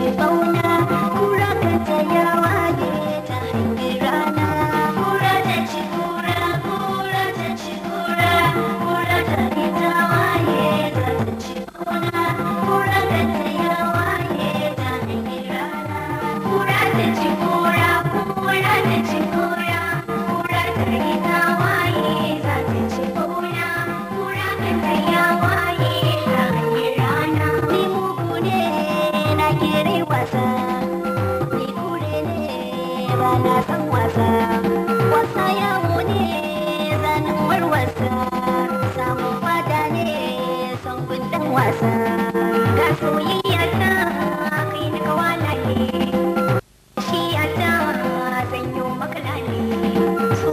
ce ƙauna na kan wasa wasa yawo ne ranar wasa samun fada ne son wasa ga soyayya ta kai na kawala ne shi ya ta zanyo makalale so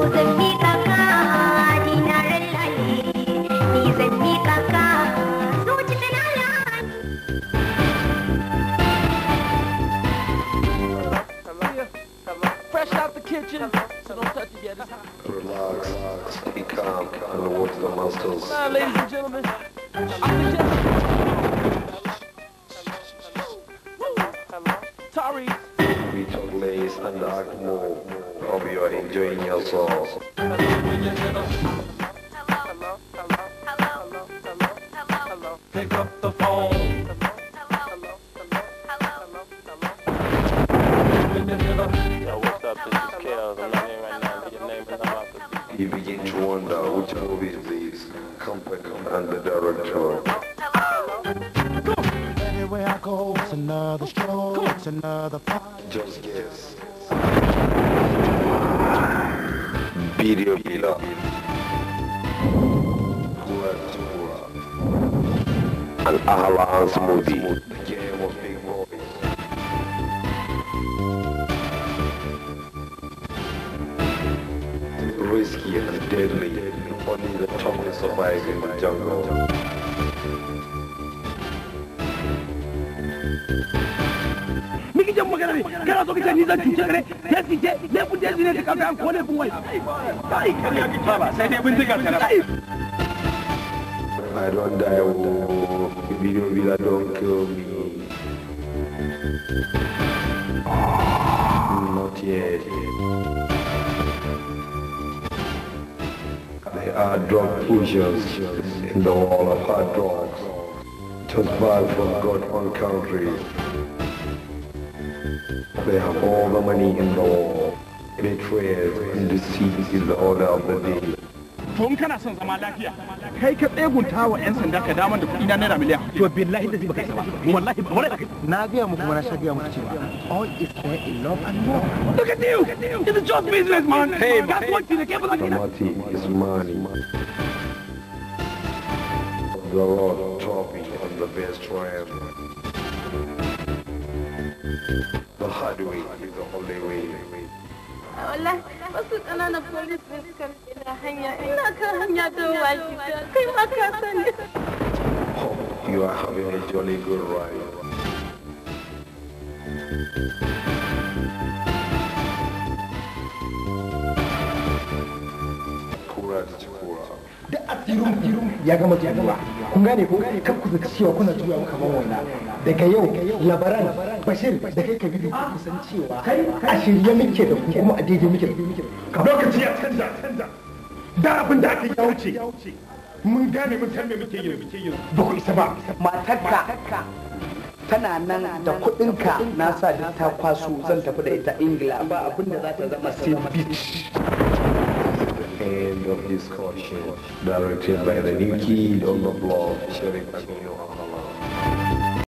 be calm the monsters. ladies and gentlemen. Tari. We took lace and Agmo. Hope you are enjoying yourselves. Hello. Hello. Hello. Hello. Hello. Hello. Hello. Pick up. and the director. Anyway, I go, it's another stroke, it's another fight. Just guess. Video Bila. An ahla Smoothie. risky and deadly. Only the strong will survive in the jungle. Miki jam magana ne kana so kace ni zan cuce kare sai ki je ne kun je ne ka ga ko ne kun wai kai kai ki baba sai dai bindigar kana I don't die, oh, video villa don't kill me. Not yet. Our drug pushers in the wall of hard drugs. It was bad for God and country. They have all the money in the world. Betrayal and deceit is the order of the day. to kana son zama lafiya kai ka tsegunta wa yan sanda ka damar da kuɗi na naira miliyan to billahi da baka saba wallahi ba wala na ga mu kuma na shaga cewa all is fair in love and war look at you it's just business man hey that's what you can't believe is money the Lord taught on the best ramp. The hard way is the only way. Allah, wasu ƙananan polis ne suka rike hanya ina kan hanya kai sani oh, you are having a jolly good ride da ko kan ku zaka cewa kuna juya muka ban wannan daga yau labaran bashir da kai ku san cewa a shirye muke da kuma a daidai muke da lokaci ya canza da abin da aka wuce mun gane mun san me muke yi ba ku isa ba matarka tana nan da kudinka na sa duk ta kwaso zan tafi da ita ingila ba abin da za ta zama sai beach End of discussion, directed by the Nikki on the blog, Sherry Aguilar.